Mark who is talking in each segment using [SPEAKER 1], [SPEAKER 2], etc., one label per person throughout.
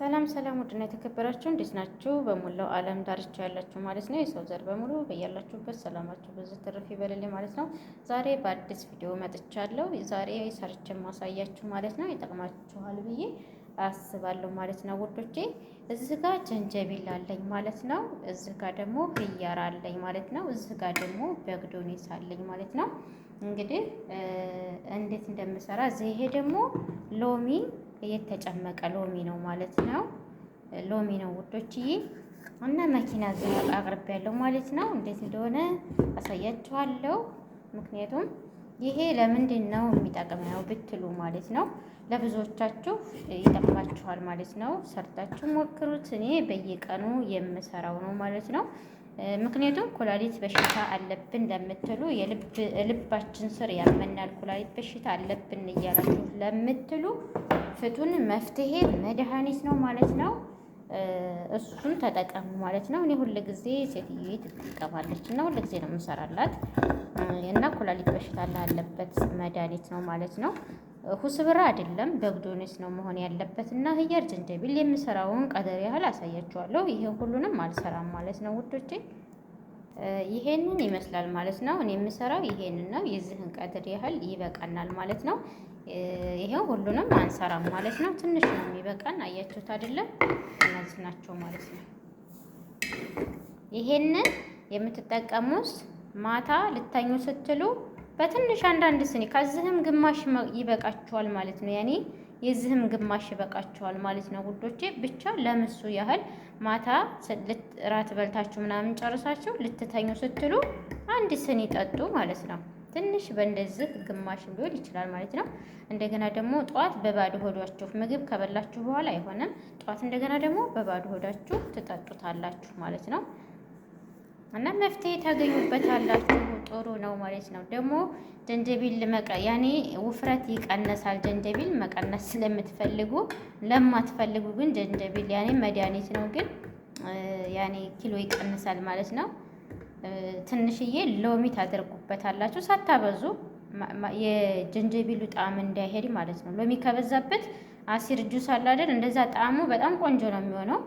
[SPEAKER 1] ሰላም ሰላም፣ ውድና የተከበራችሁ እንዴት ናችሁ? በሙላው ዓለም ዳርቻ ያላችሁ ማለት ነው የሰው ዘር በሙሉ በያላችሁበት ሰላማችሁ ብዙ ትርፍ ይበልልኝ ማለት ነው። ዛሬ በአዲስ ቪዲዮ መጥቻለሁ። ዛሬ ሰርቼ ማሳያችሁ ማለት ነው ይጠቅማችኋል ብዬ አስባለሁ ማለት ነው ውዶቼ። እዚህ ጋ ጀንጀቢል አለኝ ማለት ነው። እዚህ ጋ ደግሞ ህያር አለኝ ማለት ነው። እዚህ ጋ ደግሞ በግዶኔስ አለኝ ማለት ነው። እንግዲህ እንዴት እንደምሰራ እዚህ ይሄ ደግሞ ሎሚ የተጨመቀ ሎሚ ነው ማለት ነው። ሎሚ ነው ውዶችዬ። እና መኪና እዚህ አቅርቤ ያለው ማለት ነው። እንዴት እንደሆነ አሳያችኋለሁ። ምክንያቱም ይሄ ለምንድን ነው የሚጠቅመው ብትሉ ማለት ነው ለብዙዎቻችሁ ይጠቅማችኋል ማለት ነው። ሰርታችሁ ሞክሩት። እኔ በየቀኑ የምሰራው ነው ማለት ነው። ምክንያቱም ኩላሊት በሽታ አለብን ለምትሉ የልባችን ስር ያመናል ኩላሊት በሽታ አለብን እያላችሁ ለምትሉ ፍቱን መፍትሄ መድኃኒት ነው ማለት ነው። እሱን ተጠቀሙ ማለት ነው። እኔ ሁል ጊዜ ሴትዬ ትጠቀማለች እና ሁል ጊዜ ነው የምሰራላት እና ኩላሊት በሽታ ላለበት መድኃኒት ነው ማለት ነው። ሁስብራ አይደለም ደግዶኔስ ነው መሆን ያለበት እና ህያር ዝንጀቢል የምሰራውን ቀደር ያህል አሳያችኋለሁ። ይሄ ሁሉንም አልሰራም ማለት ነው ውዶቼ። ይሄንን ይመስላል ማለት ነው። እኔ የምሰራው ይሄንን ነው። የዚህን ቀድር ያህል ይበቃናል ማለት ነው። ይሄው ሁሉንም አንሰራም ማለት ነው። ትንሽ ነው የሚበቃን። አያችሁት አይደለም? እነዚህ ናቸው ማለት ነው። ይሄንን የምትጠቀሙት ማታ ልተኙ ስትሉ በትንሽ አንዳንድ ስኒ ከዚህም ግማሽ ይበቃችኋል ማለት ነው ያኔ የዚህም ግማሽ ይበቃቸዋል ማለት ነው ውዶቼ። ብቻ ለምሱ ያህል ማታ ራት በልታችሁ ምናምን ጨርሳችሁ ልትተኙ ስትሉ አንድ ስኒ ጠጡ ማለት ነው። ትንሽ በእንደዚህ ግማሽ ሊሆን ይችላል ማለት ነው። እንደገና ደግሞ ጠዋት በባዶ ሆዳችሁ ምግብ ከበላችሁ በኋላ አይሆንም። ጠዋት እንደገና ደግሞ በባዶ ሆዳችሁ ትጠጡታላችሁ ማለት ነው። እና መፍትሄ ታገኙበታላችሁ። ጥሩ ነው ማለት ነው። ደግሞ ጀንጀቢል መቀ ያኔ ውፍረት ይቀነሳል። ጀንጀቢል መቀነስ ስለምትፈልጉ ለማትፈልጉ ግን ጀንጀቢል ያኔ መድኃኒት ነው፣ ግን ያኔ ኪሎ ይቀንሳል ማለት ነው። ትንሽዬ ሎሚ ታደርጉበታላችሁ ሳታበዙ የጀንጀቢሉ ጣዕም እንዳይሄድ ማለት ነው። ሎሚ ከበዛበት አሲር ጁስ አለ አይደል? እንደዛ ጣዕሙ በጣም ቆንጆ ነው የሚሆነው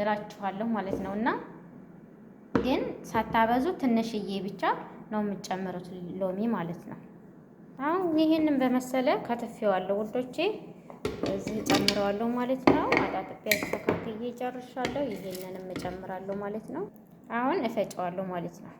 [SPEAKER 1] እላችኋለሁ ማለት ነው እና ግን ሳታበዙ ትንሽዬ ብቻ ነው የምጨምሩት ሎሚ ማለት ነው። አሁን ይህንን በመሰለ ከትፌዋለሁ ውዶቼ፣ እዚህ ጨምረዋለሁ ማለት ነው። አጣጥቤ አስተካክዬ ጨርሻለሁ። ይህንንም እጨምራለሁ ማለት ነው። አሁን እፈጨዋለሁ ማለት ነው።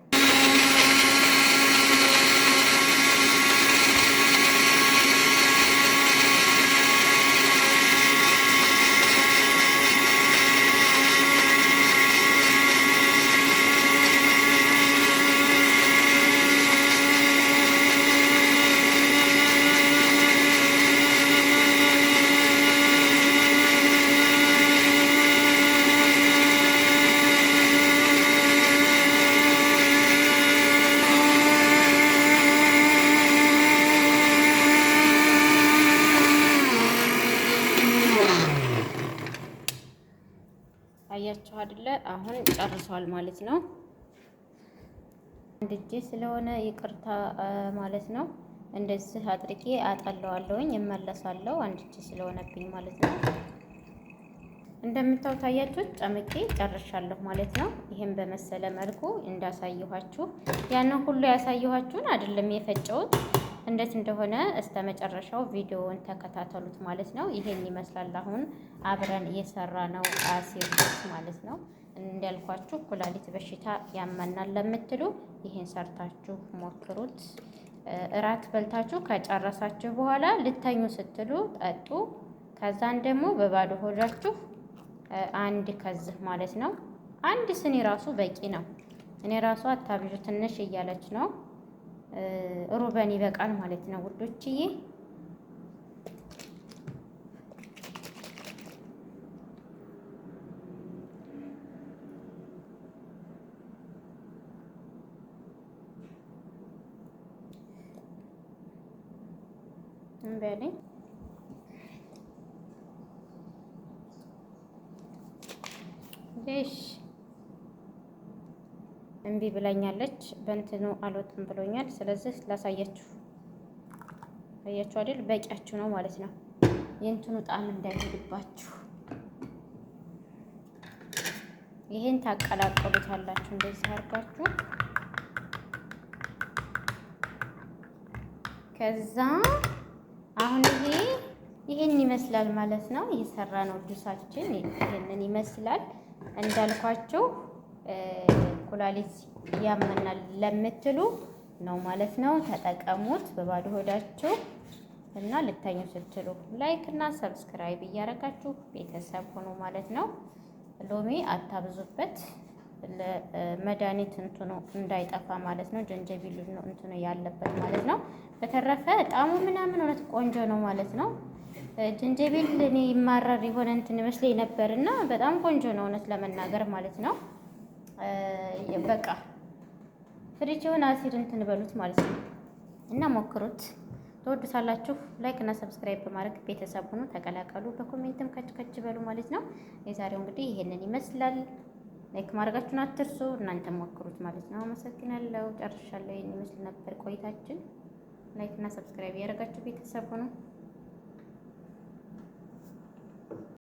[SPEAKER 1] አያችሁ አይደለ? አሁን ጨርሷል ማለት ነው። አንድ እጄ ስለሆነ ይቅርታ ማለት ነው። እንደዚህ አጥርቄ አጠለዋለሁኝ እመለሳለሁ። አንድ እጄ ስለሆነብኝ ማለት ነው። እንደምታዩት አያችሁት ጨምቄ ጨርሻለሁ ማለት ነው። ይህም በመሰለ መልኩ እንዳሳየኋችሁ ያንን ሁሉ ያሳየኋችሁን አይደለም የፈጨሁት እንዴት እንደሆነ እስተ መጨረሻው ቪዲዮውን ተከታተሉት ማለት ነው። ይሄን ይመስላል አሁን አብረን እየሰራ ነው አሲር ማለት ነው። እንዳልኳችሁ ኩላሊት በሽታ ያመናል ለምትሉ ይሄን ሰርታችሁ ሞክሩት። እራት በልታችሁ ከጨረሳችሁ በኋላ ልተኙ ስትሉ ጠጡ። ከዛን ደግሞ በባዶ ሆዳችሁ አንድ ከዚህ ማለት ነው። አንድ ስኒ ራሱ በቂ ነው። እኔ ራሱ አታብዡ ትንሽ እያለች ነው ሩበን ይበቃል ማለት ነው ውዶችዬ። እሺ እምቢ ብላኛለች። በእንትኑ አልወጥም ብሎኛል። ስለዚህ ላሳያችሁ። አያችሁ አይደል? በቂያችሁ ነው ማለት ነው። የእንትኑ ጣዕም እንዳይሄድባችሁ ይሄን ታቀላቀሉት አላችሁ እንደዚህ አድርጋችሁ ከዛ አሁን ይሄ ይሄን ይመስላል ማለት ነው። እየሰራ ነው ጁሳችን ይሄንን ይመስላል እንዳልኳችሁ ኩላሊት ያመናል ለምትሉ ነው ማለት ነው። ተጠቀሙት በባዶ ሆዳችሁ እና ልተኙ ስትሉ ላይክ እና ሰብስክራይብ እያደረጋችሁ ቤተሰብ ሆኖ ማለት ነው። ሎሚ አታብዙበት ለመድኃኒት እንትኑ እንዳይጠፋ ማለት ነው። ጀንጀቢሉ ነው እንትኑ ያለበት ማለት ነው። በተረፈ ጣሙ ምናምን እውነት ቆንጆ ነው ማለት ነው። ጀንጀቢል እኔ ይማረር የሆነ እንትን መስለኝ ነበርና በጣም ቆንጆ ነው እውነት ለመናገር ማለት ነው። በቃ ፍሪጅ የሆነ አሲድ እንትን በሉት ማለት ነው እና ሞክሩት። ትወዱታላችሁ። ላይክ እና ሰብስክራይብ በማድረግ ቤተሰብ ሁኑ፣ ተቀላቀሉ። በኮሜንትም ከች ከች በሉ ማለት ነው። የዛሬው እንግዲህ ይሄንን ይመስላል። ላይክ ማድረጋችሁን አትርሱ። እናንተ ሞክሩት ማለት ነው። አመሰግናለሁ። ጨርሻለሁ። ይሄን ይመስል ነበር ቆይታችን። ላይክ እና ሰብስክራይብ ያደረጋችሁ ቤተሰብ ሁኑ።